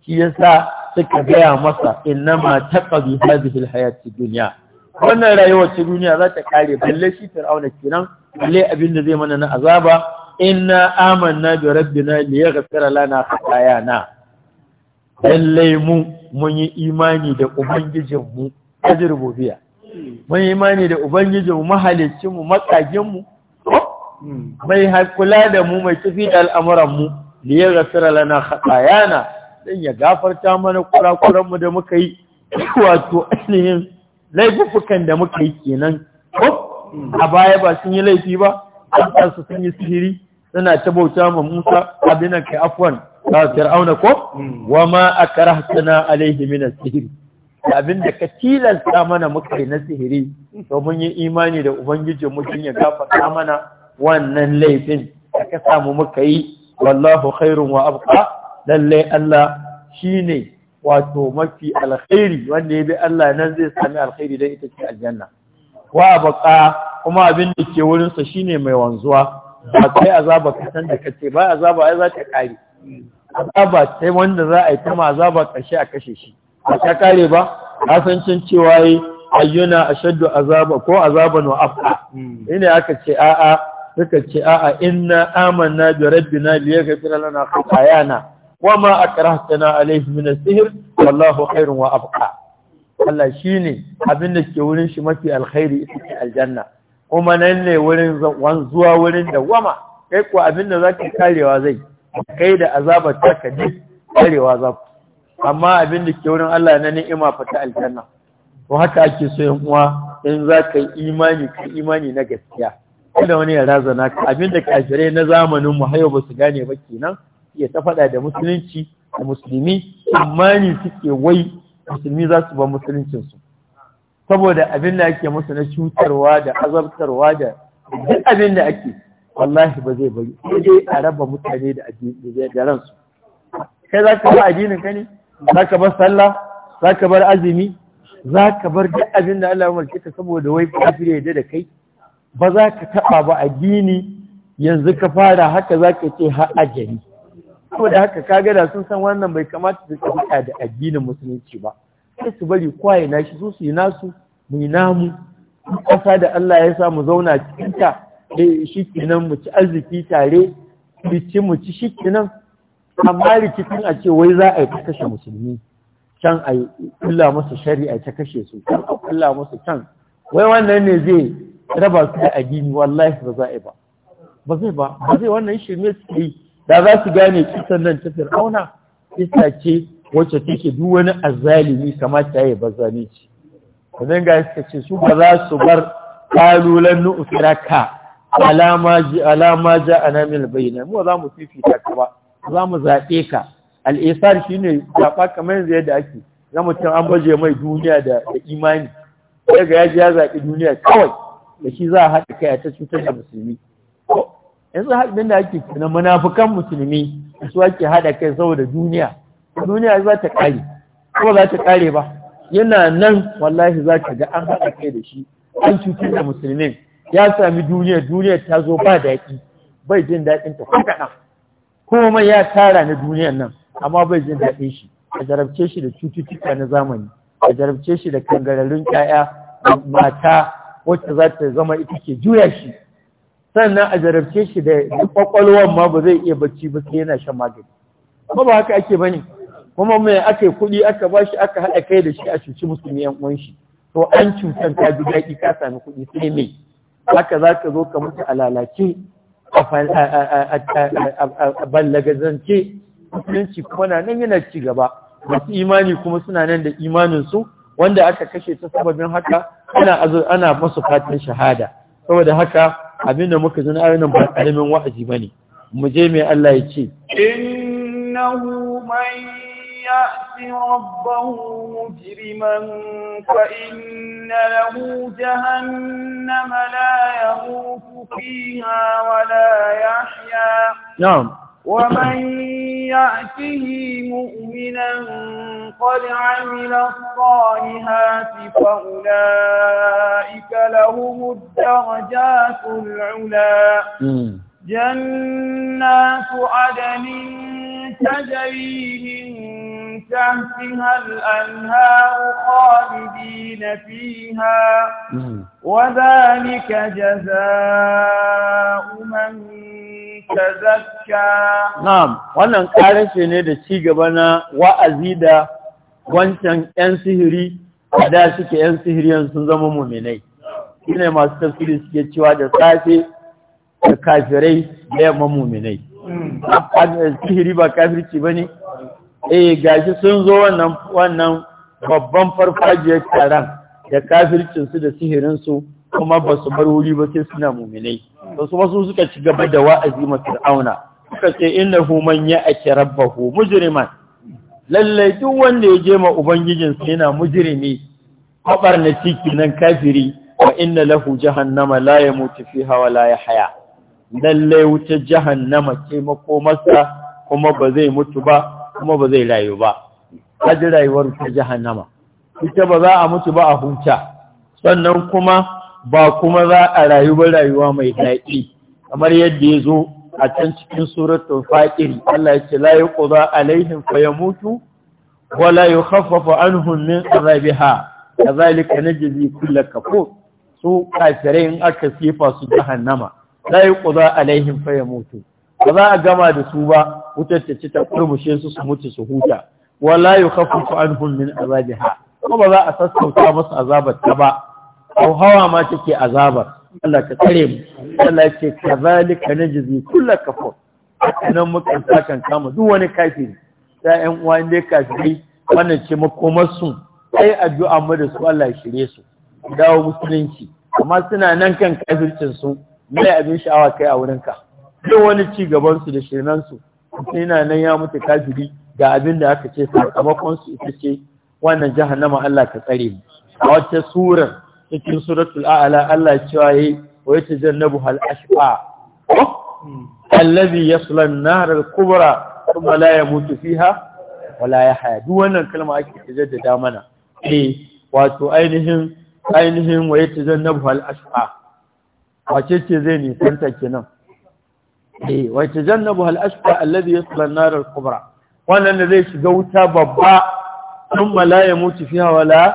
shi ya sa suka gaya masa innama taqabi hadhihi hayati duniya. wannan rayuwar ta duniya za ta ƙare balle shi fir'auna kenan balle abin da zai mana na azaba inna amanna bi rabbina liyaghfira lana khatayana lallai mu mun yi imani da ubangijinmu ajrububiya mun yi imani da ubangijinmu mahalicinmu matsaginmu Hmm. mai kula da mu mai tafi da al'amuran mu da ya rasara lana khatayana don ya gafarta mana kurakuranmu da muka yi *coughs* wato ainihin laifukan da muka yi kenan hmm. a baya ba sun yi laifi ba an su sun yi sihiri suna ta bauta ma Musa abinan kai afwan ta Fir'auna ko hmm. wa ma akrahtana alaihi mina sihiri da abin da ka tilasta mana muka yi na sihiri to mun yi imani da ubangijin mu ya gafarta mana wannan laifin da ka samu muka yi wallahu khairun wa abqa lalle Allah shine wato mafi alkhairi wanda ya bi Allah nan zai sami alkhairi da ita ce aljanna wa abqa kuma abin da ke wurin sa shine mai wanzuwa ba kai azaba ka san da kace ba azaba ai za ta kare azaba sai wanda za a yi ta azaba karshe a kashe shi ba ta kare ba kasancin cewa yi ayyuna ashaddu azaba ko azaban wa afqa hmm. ina aka ce a'a suka ce a'a inna amanna bi rabbina li yaghfir lana khatayana wama akrahtana alayhi min as-sihr wallahu khairun wa abqa Allah shine abin da ke wurin shi mafi alkhairi ita ce aljanna kuma nan ne wurin wanzuwa wurin da wama kai ko abin da zaka karewa zai kai da azabar ta ka duk karewa za ku amma abin da ke wurin Allah na ni'ima fata aljanna to haka ake so yan uwa in za ka yi imani ka imani na gaskiya kada wani ya razana abinda kafirai na zamanin mu hayo ba su gane ba kenan iya ta faɗa da musulunci da musulmi amma ni suke wai musulmi za su ba musuluncinsu saboda abin da ake musu na cutarwa da azabtarwa da duk abin da ake wallahi ba zai bari sai dai a raba mutane da addini da ransu kai za ka bar addinin ka ne za ka bar sallah za ka bar azumi za ka bar duk abin da Allah ya umarce ka saboda wai kafire da kai ba za ka taɓa ba addini yanzu ka fara haka za ka ce har ajali saboda haka kaga da sun san wannan bai kamata su tsaka da addinin musulunci ba sai su bari kwaye na shi su yi nasu mu yi namu ƙasa da Allah ya sa mu zauna cikin ta eh, shi kenan mu ci arziki tare mu ci mu ci shi kenan amma rikicin a ce wai za a yi ta kashe musulmi can a yi kulla masa shari'a ta kashe su can a kulla masa can wai wannan ne zai raba su da addini wallahi ba za a ba ba zai ba ba zai wannan shirme suke yi da za su gane kisan nan ta fir'auna kisa ce wacce take duk wani azalimi kamata ya ba ce idan ga suka ce su ba za su bar kalulan nu'firaka alama ji alama ja anamil bayna mu za mu fifita ka ba za mu zaɓe ka al shine shine zaba kamar yanzu yadda ake na mutum an baje mai duniya da imani sai ga ya ji ya zaɓi duniya kawai da shi za a haɗa kai a ta cutar da musulmi yanzu haɗin da ake na munafukan musulmi su ake haɗa kai saboda duniya duniya za ta ƙare ko za ta ƙare ba yana nan wallahi za ka ga an haɗa kai da shi an cutar da musulmin ya sami duniya duniya ta zo ba daɗi bai jin daɗin ta ko kaɗan komai ya tara na duniyan nan amma bai jin daɗin shi a jarabce shi da cututtuka na zamani a jarabce shi da kangararrun ƴaƴa mata wacce za ta zama ita ke juya shi sannan a jarabce shi da kwakwalwan ma ba zai iya bacci ba sai yana shan magani amma ba haka ake bane kuma mai aka kuɗi aka bashi aka haɗa kai da shi a cuci musulmi yan uwan shi to an cutan ka ji daɗi ka sami kuɗi sai mai haka za ka zo ka mutu a lalace a ballagazance musulunci kuma na nan yana ci gaba masu imani kuma suna nan da imaninsu wanda aka kashe ta sababin haka ana ana masu fatan shahada saboda haka abin da muka zina ayyukan ba karamin wa'azi bane mu je mai Allah ya ce innahu man ya'ti rabbahu mujriman fa inna lahu jahannama la yamutu fiha wa la yahya na'am ومن يأته مؤمنا قد عمل الصالحات فأولئك لهم الدرجات العلا جنات عدن تجري من تحتها الأنهار خالدين فيها وذلك جزاء من tazakka na'am wannan karashe ne da ci gaba na wa'azi da wancan yan sihiri da suke yan sihiri sun zama mu'minai shine masu tafsiri suke cewa da safe da kafirai da yamma muminai sihiri ba kafirci ba ne eh gashi sun zo wannan babban farfajiyar taron da kafircinsu da sihirinsu kuma ba su bar wuri ba sai suna muminai da su suka ci gaba da wa'azi ma auna suka ce ya ake rabba ko. mujriman lallai duk wanda ya je ma ubangijinsu yana na ciki nan kafiri wa inna lahu jahannama la mutu fi hawa la haya. lallai wuta jahannama ce makomarsa kuma ba zai mutu ba kuma ba zai rayu ba kaji rayuwar wuta jahannama ita ba za a mutu ba a huta sannan kuma ba kuma za a rayu ba rayuwa mai daɗi kamar yadda ya zo a can cikin suratul faqir Allah ya ce la yuqda alaihim fayamutu wa la yukhaffafu anhum min azabiha kazalika najzi kulla kafur su kafirai in aka sifa su jahannama la yuqda faya mutu, ba za a gama da su ba wutar ta ci ta kurmushe su su mutu su huta wala an an min azabiha ko ba za a sassauta masu azabar ta ba au hawa ma take azabar Allah ka tsare mu Allah yake kazalika najzi kullu a nan muka sakan kama duk wani kafiri ta yan uwa ne kafiri wannan ce makomarsu, sai addu'a mu da su Allah shirye su dawo musulunci amma suna nan kan kafircin su mai abin sha'awa kai a wurinka duk wani ci gabansu da shirnansu yana nan ya mutu kafiri ga abin da aka ce sakamakon su ita ce wannan jahannama Allah ka tsare mu a wata surar cikin suratul a'la Allah cewa yayi wa yatajannabu hal ashqa allazi yasla an-nar al-kubra thumma la yamutu fiha wa la yahya duk wannan kalma ake tajaddada mana eh wato ainihin ainihin wa yatajannabu hal ashqa wace ce zai nisanta kenan eh wace jannabu hal ashqa alladhi yasla an-nar al-kubra wannan da zai shiga wuta babba thumma ya mutu fiha wala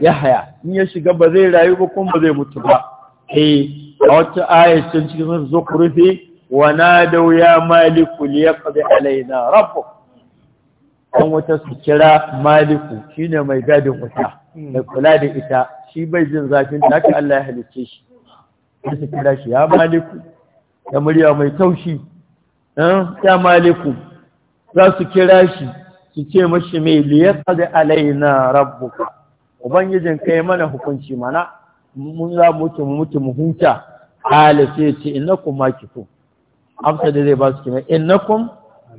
yahya in ya shiga ba zai rayu ba kuma ba zai mutu ba eh a wata aya cikin cikin zukhrufi wa nadaw ya maliku liyaqdi alaina rabbuk dan wata su kira maliku shine mai gadin wuta mai kula da ita shi bai jin zafin da Allah ya halicce shi sai su kira shi ya maliku da murya mai taushi eh, ya maliku za su kira shi su ce mashi mai liyar kada alaina rabbuka ubangijin kai mana hukunci mana mun za mutu mu mutu mu huta ala sai ce innakum makifu amsa da zai ba su kina innakum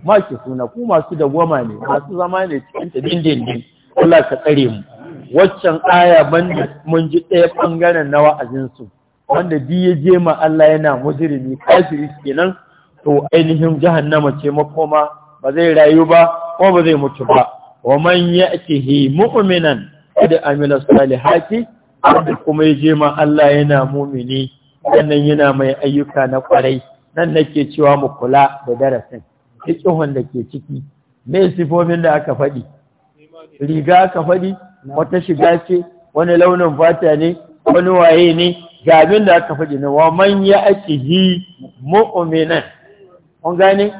makifu na ku masu goma ne masu zama ne cikin ta dindindin Allah ka tsare mu waccan aya banda mun ji ɗaya bangaren na wa'azinsu wanda di ya je ma Allah yana mujrimi kafiri kenan to ainihin jahannama ce makoma ba zai rayu ba ko ba zai mutu ba wa man ya'tihi mu'minan qad amila salihati wanda kuma ya je ma Allah yana mumini wannan yana mai ayyuka na kwarai nan nake cewa mu kula da darasin cikin da ke ciki me sifofin da aka faɗi riga aka faɗi wata shiga ce wani launin fata ne wani waye ne ga abin da aka faɗi na wa man ya ake yi mu'minan kun gani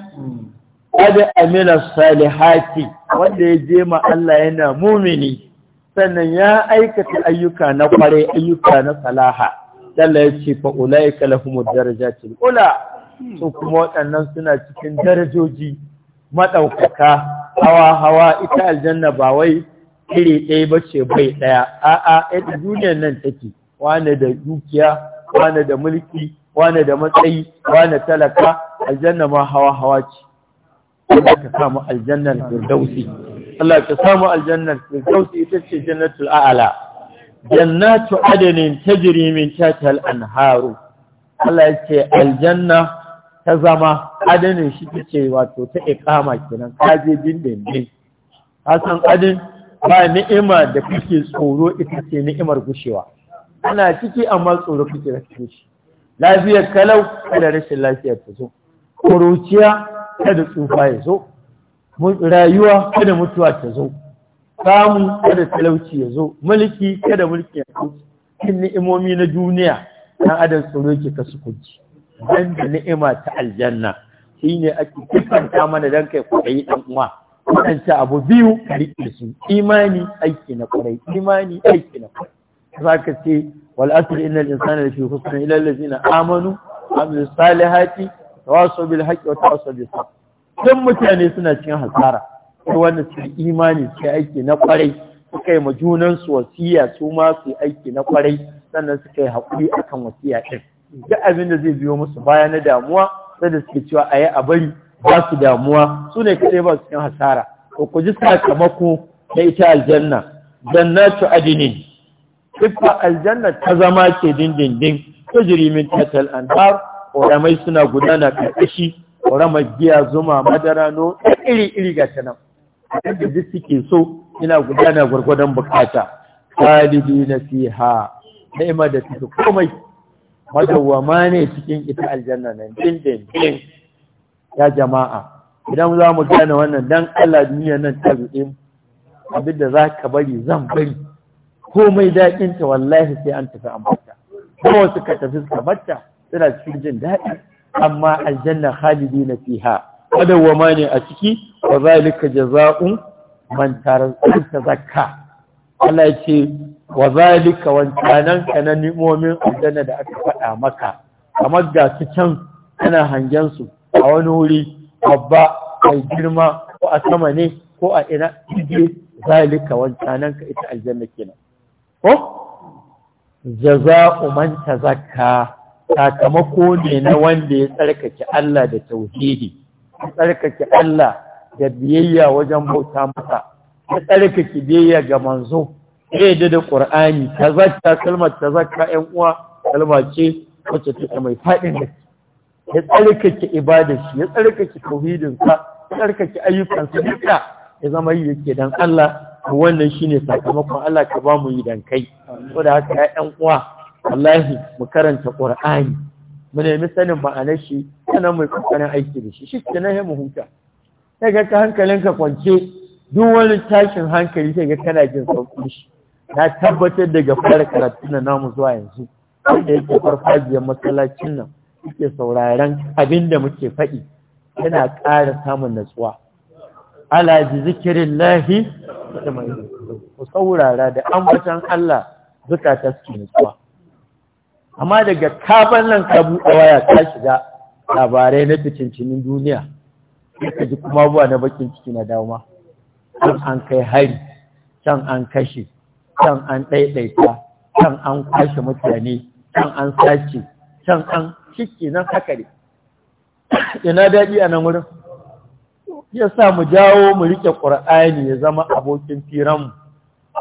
kada amina salihati wanda ya je ma Allah yana mumini sannan ya aikata ayyuka na kware ayyuka na salaha dalla ya ce fa ulaika daraja darajatul ula su kuma waɗannan suna cikin darajoji maɗaukaka. hawa hawa ita aljanna ba wai iri ɗaya bace bai ɗaya a'a ita duniyar nan take wane da dukiya wane da mulki wane da matsayi wane talaka aljanna ma hawa hawa ce Allah ka samu aljannar firdausi Allah ka samu aljannar firdausi ita ce jannatul a'ala jannatu adani tajri min tahtiha al-anharu Allah ya ce aljanna ta zama adanin shi ce wato ta ikama kenan kaje dindindin hasan adin ba ni'ima da kake tsoro ita ce ni'imar gushewa ana ciki amma tsoro kake da kake shi lafiyar kalau kada rashin lafiyar ta zo ƙuruciya kada tsufa ya zo rayuwa kada mutuwa ta zo samu kada talauci ya zo mulki kada mulki ya zo cikin ni'imomi na duniya dan adam tsoro ka kasu kunci dan da ni'ima ta aljanna shine ake kifanta mana dan kai kuɗi dan uwa ta abu biyu ka riƙe su imani aiki na kwarai imani aiki na kwarai za ka ce wal asr innal insana lafi khusr ila allazina amanu amilus salihati tawassaw bil haqqi wa tawassaw bis sabr dan mutane suna cikin hasara sai wanda su imani sai aiki na kwarai suka ma junansu su wasiya su ma su aiki na kwarai sannan suka yi haƙuri akan wasiya ɗin duk abin da zai biyo musu baya na damuwa sai da suke cewa a yi a bari ba su damuwa su ne kaɗai ba su cikin hasara ko ku ji sakamako na ita aljanna jannatu adinin siffa aljanna ta zama ke dindindin tajiri min tatal anhar ƙoramai suna gudana ƙarƙashi, ƙoramar giya zuma madara no iri iri ga ta nan da duk suke so ina gudana gwargwadon bukata khalidi na fiha ni'ima da take komai ma ne cikin ita aljanna nan dindindin ya jama'a idan za mu gane wannan dan Allah duniya nan ta abinda za ka bari zan bari komai daƙin ta wallahi sai an tafi ambata ko suka tafi suka mata suna cikin jin daɗi amma aljanna khalidina fiha ma ne a ciki wa zalika jaza'un man zakka Allah ya ce wa zalika wancanan kana ni'momin aljanna da aka faɗa maka kamar ga su can ana hangen su a wani wuri abba, mai girma ko a sama ne ko a ina zalika wancanan ka ita aljanna kenan ko jaza'u man tazakka sakamako ne na wanda ya tsarkake Allah da tauhidi ya tsarkake Allah da biyayya wajen bauta masa ya tsarkake biyayya ga manzo ya da Qur'ani tazakka kalmar tazakka 'yan uwa kalma ce wacce take mai faɗin gaske ya tsarkake ibadar shi ya tsarkake tauhidinsa ya tsarkake ayyukansa duka ya zama yi yake dan Allah wannan shi ne sakamakon Allah ka ba mu yi dankai kai da haka ‘ya’yan uwa wallahi mu karanta Qur'ani mu nemi sanin ma'anar shi yana mai kokarin aiki da shi shi nan mu huta ta ga ka hankalinka kwance duk wani tashin hankali ta ga kana jin sauƙi shi na tabbatar daga fara karatu na namu zuwa yanzu wanda yake farfajiyar masallacin nan suke sauraren abin da muke faɗi yana ƙara samun natsuwa ala bi zikirin lahi ku saurara da ambatan Allah zukata suke nutsuwa amma daga kafan nan ka buɗe waya ka shiga labarai na cincinin duniya ka ji kuma abuwa na bakin ciki na dama. can an kai hari can an kashe can an ɗaiɗaita can an kwashe mutane can an sace can an ciki nan haka ne ina daɗi a nan wurin sa mu jawo mu rike ƙur'ani ya zama abokin firanmu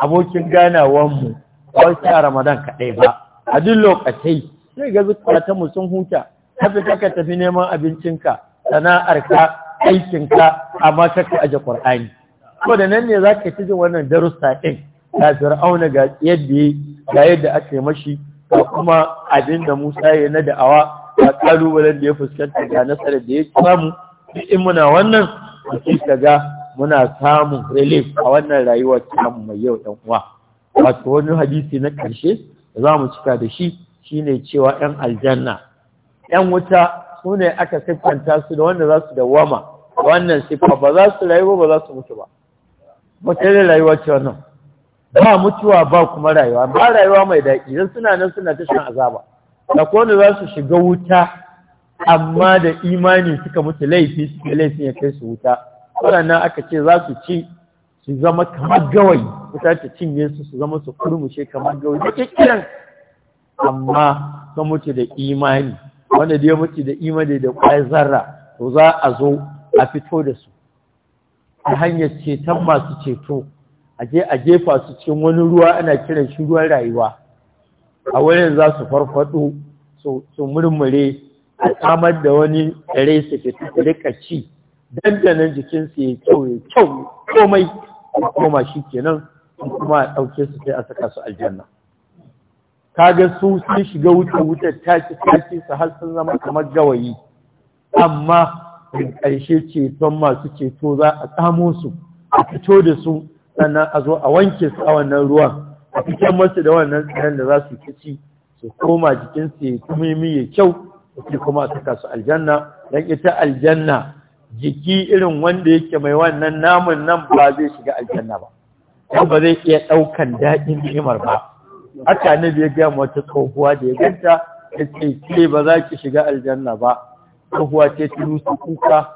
abokin ganawanmu ba sai a Ramadan kaɗai ba a duk lokacin sai ga zukatan mu sun huta tafi kaka tafi neman abincinka sana'arka aikinka amma kaka aje Qur'ani ko da nan ne zaka ci wannan darussa ɗin, ga Fir'auna ga yadda ga yadda aka yi mashi ga kuma abin da Musa ya na da'awa ga ƙalubalen da ya fuskanta ga nasarar da ya samu in muna wannan ka ga muna samun relief a wannan rayuwar tamu mai yau ɗan uwa wato wani hadisi na ƙarshe da za mu cika da shi shine cewa ‘yan aljanna ‘yan wuta su ne aka siffanta su da wanda za su dawama wannan siffa ba za su rayu ba za su mutu ba ne rayuwa ce wannan ba mutuwa ba kuma rayuwa ba rayuwa mai daɗi idan suna nan suna ta shan azaba da wanda za su shiga wuta amma da imani suka mutu laifi suka laifin ya kai su wuta waɗannan aka ce za su ci su zama kamar gawayi wuta ta cinye su su zama su kurmushe kamar gawayi da kekkiran amma sun mutu da imani wanda da ya mutu da imani da kwai zarra to za a zo a fito da su ta hanyar ceton masu ceto a je a jefa su cikin wani ruwa ana kiran shi ruwan rayuwa a wurin za su farfaɗo, su murmure a samar da wani tsare su fita su rika ci dandanan jikinsu ya kyau ya kyau komai a koma shi kenan kuma a ɗauke su sai a saka su aljanna Ka ga su sun shiga wuce wutar taki taki su har sun zama kamar gawayi amma in ƙarshe ceton masu ceto za a samo su a fito da su sannan a zo a wanke su a wannan ruwan a fitar masu da wannan tsaron da za su ci su koma jikinsu ya kuma yi kyau sai kuma saka su aljanna dan ita aljanna jiki irin wanda yake mai wannan namun nan ba zai shiga aljanna ba kuma ba zai iya ɗaukan dadin ni'imar ba haka ne bai ga wata tsohuwa da ya ganta yace ke ba za ki shiga aljanna ba tsohuwa ce ta rusu kuka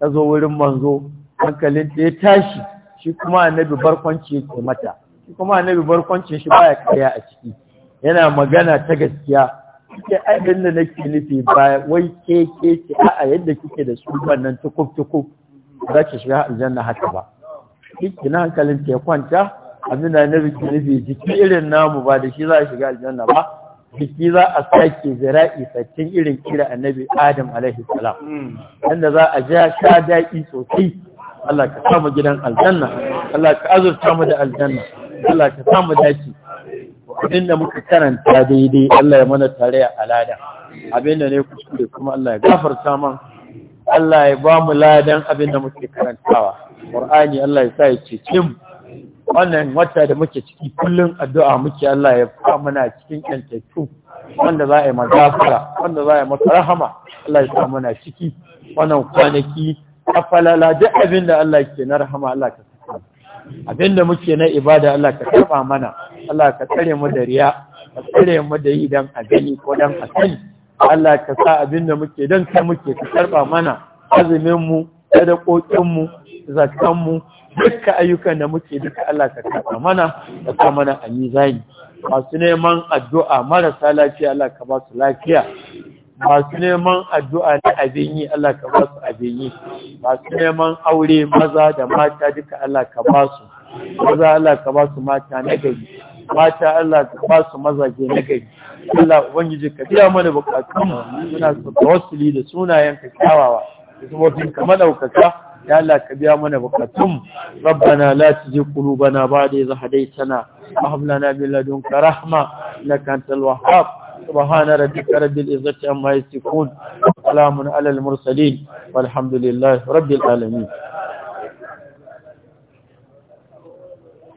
ta zo wurin manzo hankalin ta ya tashi shi kuma annabi barkwanci yake mata shi kuma annabi barkwancin shi baya kaya a ciki yana magana ta gaskiya kike abin da nake nufi ba wai kekeke. ke a'a yadda kike da su wannan tukuf tukuf za ki shiga aljanna haka ba kike na hankalin ke kwanta abin da na biki nufi jiki irin namu ba da shi za a shiga aljanna ba jiki za a sake zira'i sattin irin kira annabi adam alaihi salam inda za a ja sha dai sosai Allah ka samu gidan aljanna Allah ka azurta mu da aljanna Allah ka samu dace kudin da muka karanta daidai Allah ya mana tare a alada abinda ne kuskure kuma Allah ya gafarta man Allah ya ba mu ladan abinda muke karantawa Qur'ani Allah ya sa ya cece mu wannan wata da muke ciki kullum addu'a muke Allah ya fa mana cikin kyantattu wanda za a yi magafara wanda za a yi masa rahama Allah ya sa mana ciki wannan kwanaki afalala duk abinda Allah ke na rahama Allah ka abinda muke na ibada Allah ka kafa mana Allah ka tsare mu da riya ka tsare mu da yi dan a gani ko dan a sani Allah ka sa abinda muke dan kai muke ka karba mana azumin mu sadakokin mu zakkan mu dukkan ayyukan da muke duka Allah ka kafa mana ka sa mana a mizani masu neman addu'a marasa lafiya Allah ka ba su lafiya masu neman addu'a na abin yi Allah ka ba su abin yi masu neman aure maza da mata duka Allah ka ba su maza Allah ka ba su mata na gari mata Allah ka ba su mazaje na gari Allah ubangiji ka biya mana bukatun muna su tawassuli da sunayen ka kyawawa da sabobin ka madaukaka يا الله كبيا من بقتم ربنا لا تزغ قلوبنا بعد إذ هديتنا وهب لنا من لدنك رحمة na kantar الوهاب سبحان ربك رب العزة عما يصفون سلام على المرسلين والحمد لله رب العالمين